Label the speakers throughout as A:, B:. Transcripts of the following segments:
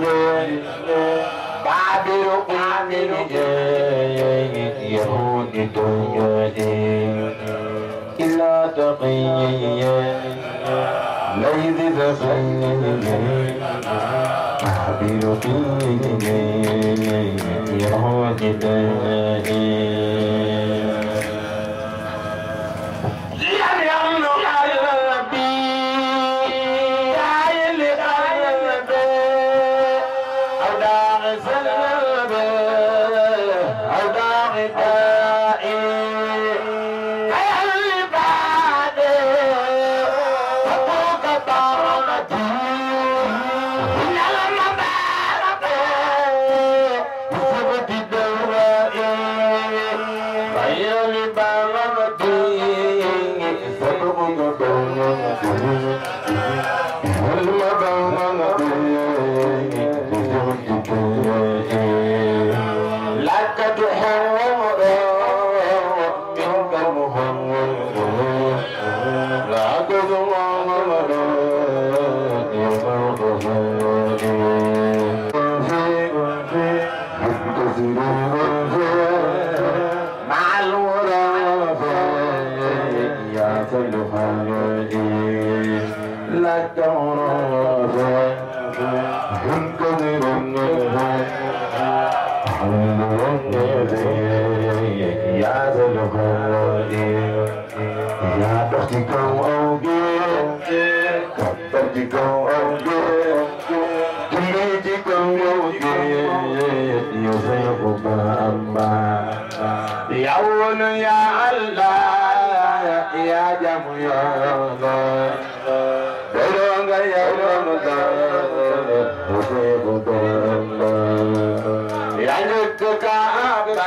A: Yeah. يهود دنيا إلا تقيا ليذ تخيل عابر قيل يهود دنيا Got to go on, yeah. Got to go on, yeah. To me, to go on, yeah. You say, oh, Bamba. Ya Allah, ya Allah, ya Jamu, ya Allah. Belonga, ya Allah, you say, oh, Bamba. Ya Nukuka, Abba.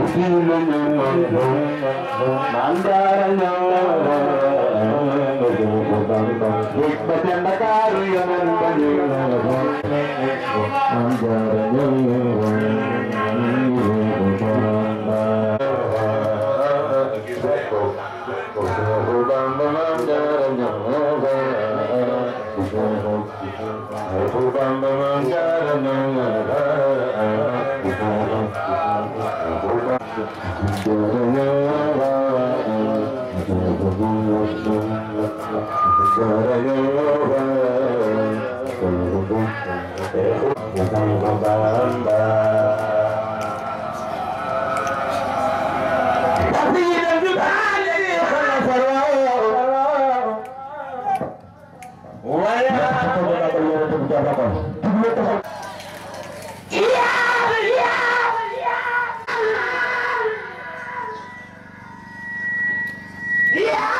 A: Bamba Mangara Mangara Thank you. Yeah!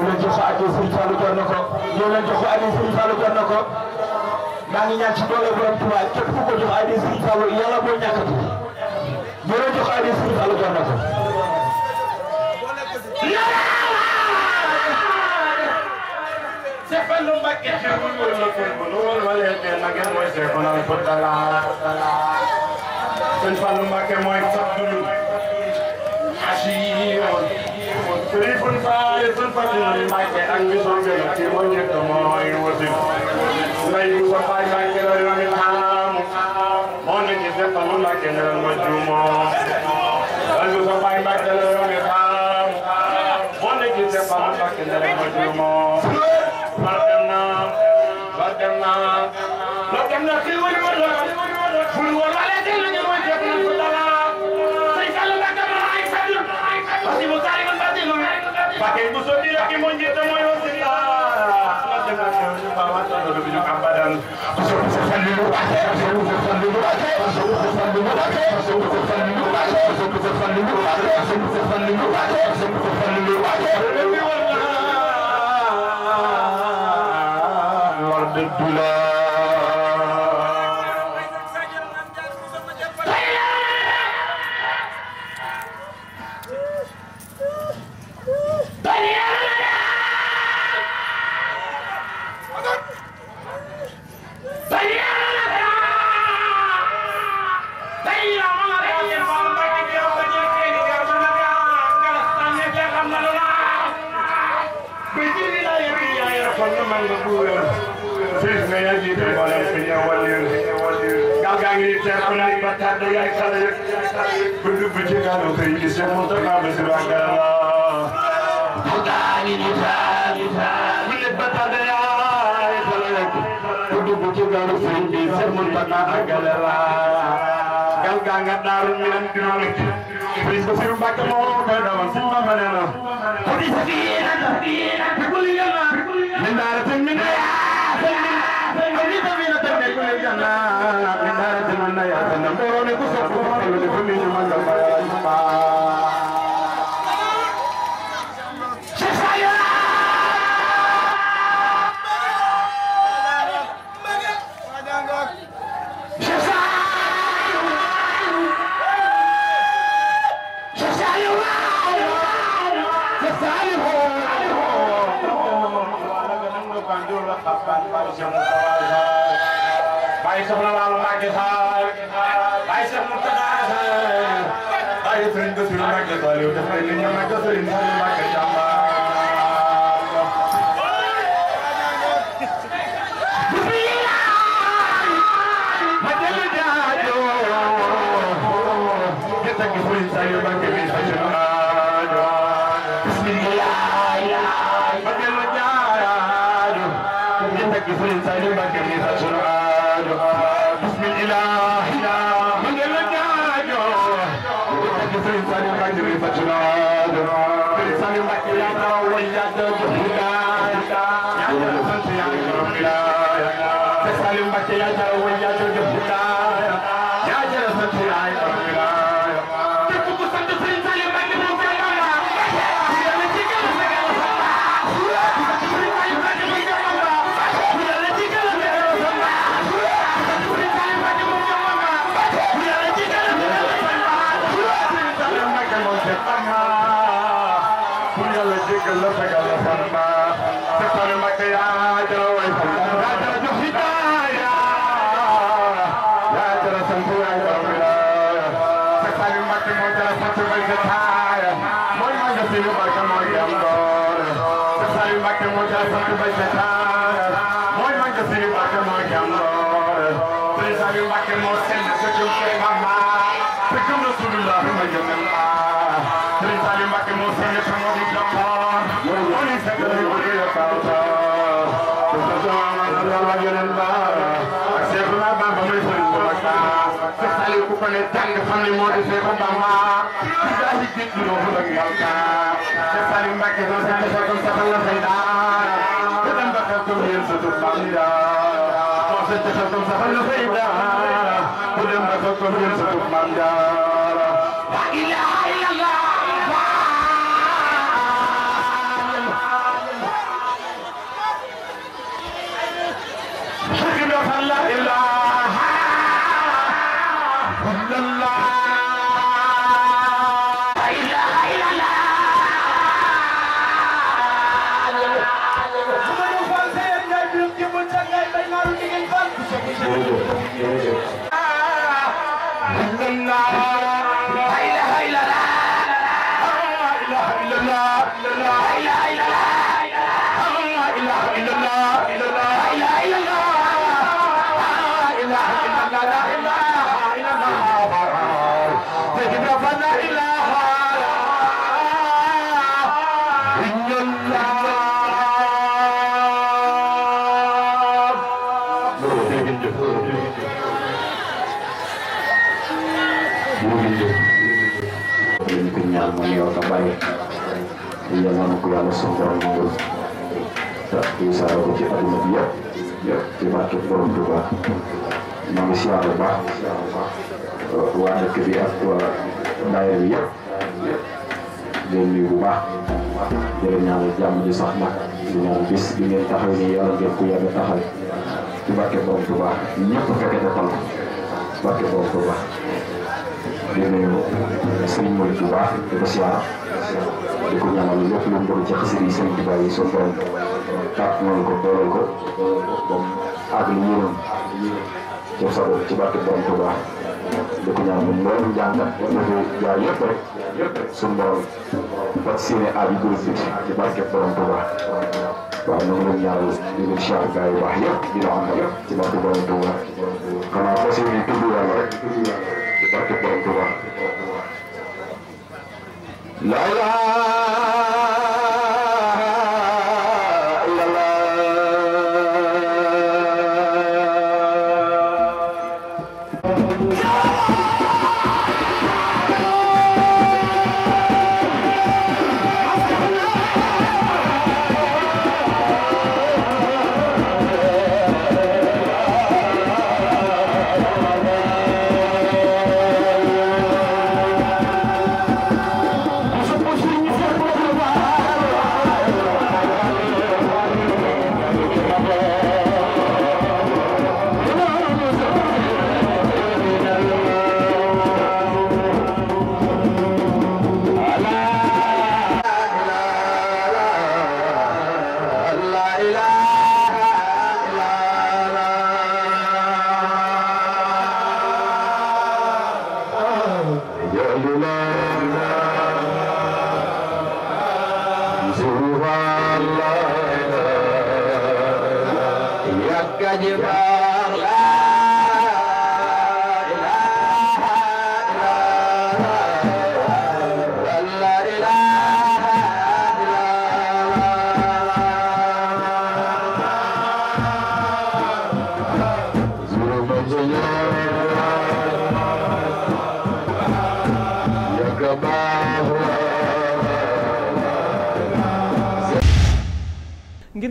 A: yow la jox ko ak Serigne Fallou jox na ko yow la jox ko ak Serigne Fallou jox na ko maa ngi ñaan ci doole borom Touba képp ku ko jox ak Serigne Fallou yàlla boo ñàkkati yow la jox ko ak Serigne Fallou jox na ko. Cheikh Fallou Mbacké xewul wala ma kër bu nu wala wala yàlla na ngeen mooy Cheikh Fallou Fodala Cheikh Fallou Mbacké mooy Fadul Asiyoon sëriñ bu ñu faale sunu partenaire Mbacke ak bi soo jëlee ak kii moo njëkk mooy wasin ndey bu sa faay Mbacke la yoon it xaamu moo nekk ci seen xamu Mbacke ne la ma juumoo ndey bu sa faay Mbacke la yoon it xaamu moo nekk ci seen xamu Mbacke ne la ma juumoo barkem na barkem na barkem na kii wala wala wala Akin gusto niya kimunjito mo yung sila. Lord, do yaay xale yëpp bindu bi ci kanu sëriñ bi Cheikh Moustapha Bassirou ak gal ga nga daaru minan dinalik sëriñ Bassirou Mbacke moo ko koy dawal suñ ma ma nee na ko di sabiina sabiina bi kulli yalla min daaratin min yaa sabiina الجنة من نار الجنة يا سلام دوروني كسوف ya ta wa ya ta ne tàng fan yi moo di Seexu Bamba ci daal di jéggi loo ko bëgg yàlla te Saliou Mbacké doo seen defee comme saxal la say daal تخطم بعيدا ما صدق تخطم سخل فيدا كل ما تخطم يمسك بعيدا jërëjëf yàlla suñu borom ñu ngi te ñu saara ko ci adduna bi yëpp yëpp ci barke borom Tuuba ñu ngi siyaar bu baax waa dëkk bi ak waa daayira bi yëpp di leen nuyu bu baax di leen ñaanal jàmm ju sax nag di ñaan bis bi ngeen taxaw nii yàlla ngeen ko yàgg taxaw ci barke borom Tuuba ñëpp fekke te tal barke borom Tuuba di nuyu sëriñ Mooy bu baax di ko siyaar di ko ñaanal lépp lu mu doon ci xasida yi Sëriñ Tuubaa yi suñu borom ko dooleel ko moom ak li yéenam ci sago ci barke borom Tuubaa di ko ñaanal yi góor bi ci barke borom Tuubaa waaw ñu ngi leen ñaanal di leen siyaar yëpp di la àndal ci barke borom Tuubaa xanaa fas yéene tudd yàlla ci barke borom Tuubaa لا